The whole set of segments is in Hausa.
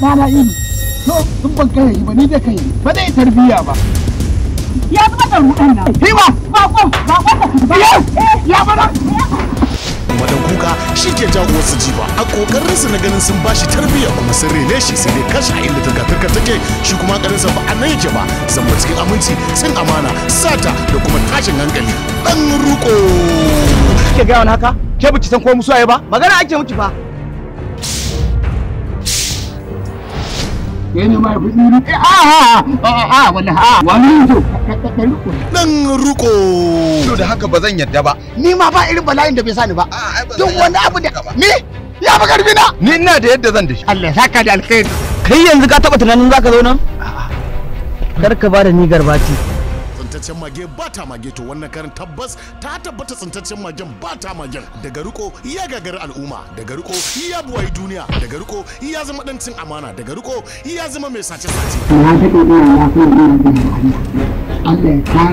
Rana ido. To, sun ban kai ba ni da kai ba zai tarbiyya ba. Ya zuba da ruɗan nan. Hiwa! Bako! Bako da kuma. Ya bana! Eh, Madan kuka shi ke jagowar su jiba a kokarinsa na ganin sun bashi tarbiyya kuma sun rene shi sai dai kashi a inda turka-turka take shi kuma karinsa ba a nan yake ba zama cikin aminci sun amana sata da kuma tashin hankali dan ruko. Kike gaya wani haka? Ke baki san ko musu ba? Magana ake miki fa. Dan ruko. To da haka ba zan yadda ba. Ni ma ba irin bala'in da bai sani ba. Ah, Duk wani abu da me ya fi karfi na. Ni ina da yadda zan da shi. Allah saka da alkhairi. Kai yanzu ka taba tunanin zaka zo nan? Kar ka ba da ni garbati. tsintaccen mage ba ta mage to wannan karin tabbas ta tabbata tsintaccen magen ba ta magen daga riko ya gagari al'umma daga riko ya buwayi duniya daga riko ya zama dan amana daga riko ya zama mai sace sace ta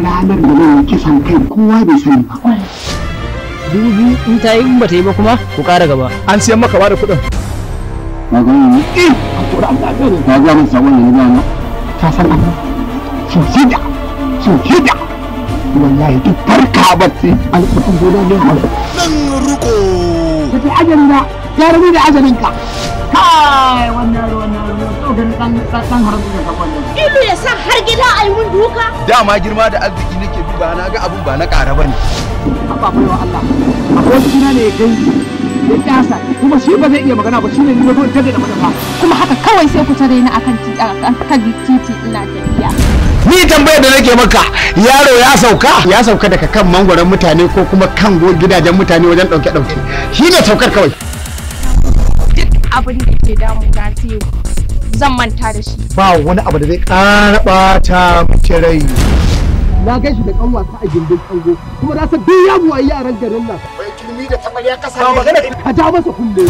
in ta yi in ba ba kuma ku kara gaba an siyan maka ba da kuɗin ne eh a kura an sabon ta san abu sosai da shida wallahi duk farka bacci alƙur'an gona ne mai nan ruko kace ajalin da ya rabu da ajalin ka kai wannan wannan tsogan dan dan har da kafan ilu ya sa har gida yi mun duka dama girma da arziki nake bi ba na ga abun ba na ƙara ba bane abba mai wa Allah a akwai suna ne gani ya kyasa kuma shi ba zai iya magana ba shine ne zo tare da ba kuma haka kawai sai ku tare ni akan titi ina tafiya ni tambayar da nake maka yaro ya sauka ya sauka daga kan mangwaron mutane ko kuma kan gidajen mutane wajen dauke dauke ne saukar kawai abin da ke damu na zan manta da shi ba wani abu da zai ƙara ɓata rai na gai shi da kan wasa a gindin kango kuma na san duk ya a yaran garin nan bai kilimi da tamar ya kasa ba magana ja masa kulle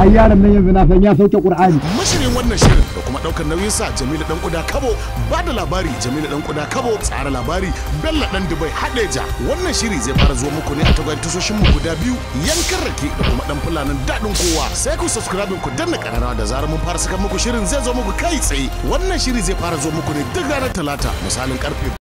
a yaran nan yanzu na san ya sauke qur'ani mashirin wannan shirin da kuma daukar nauyin sa Jamilu dan kuda kabo ba da labari Jamilu dan kuda kabo tsara labari Bello dan Dubai Hadeja wannan shiri zai fara zuwa muku ne a tagar tasoshin mu guda biyu yankan rake da kuma dan fulanin dadin kowa sai ku subscribe ku danna karara da zarar mun fara saka muku shirin zai zo muku kai tsaye wannan shiri zai fara zo muku ne duk ranar talata misalin karfe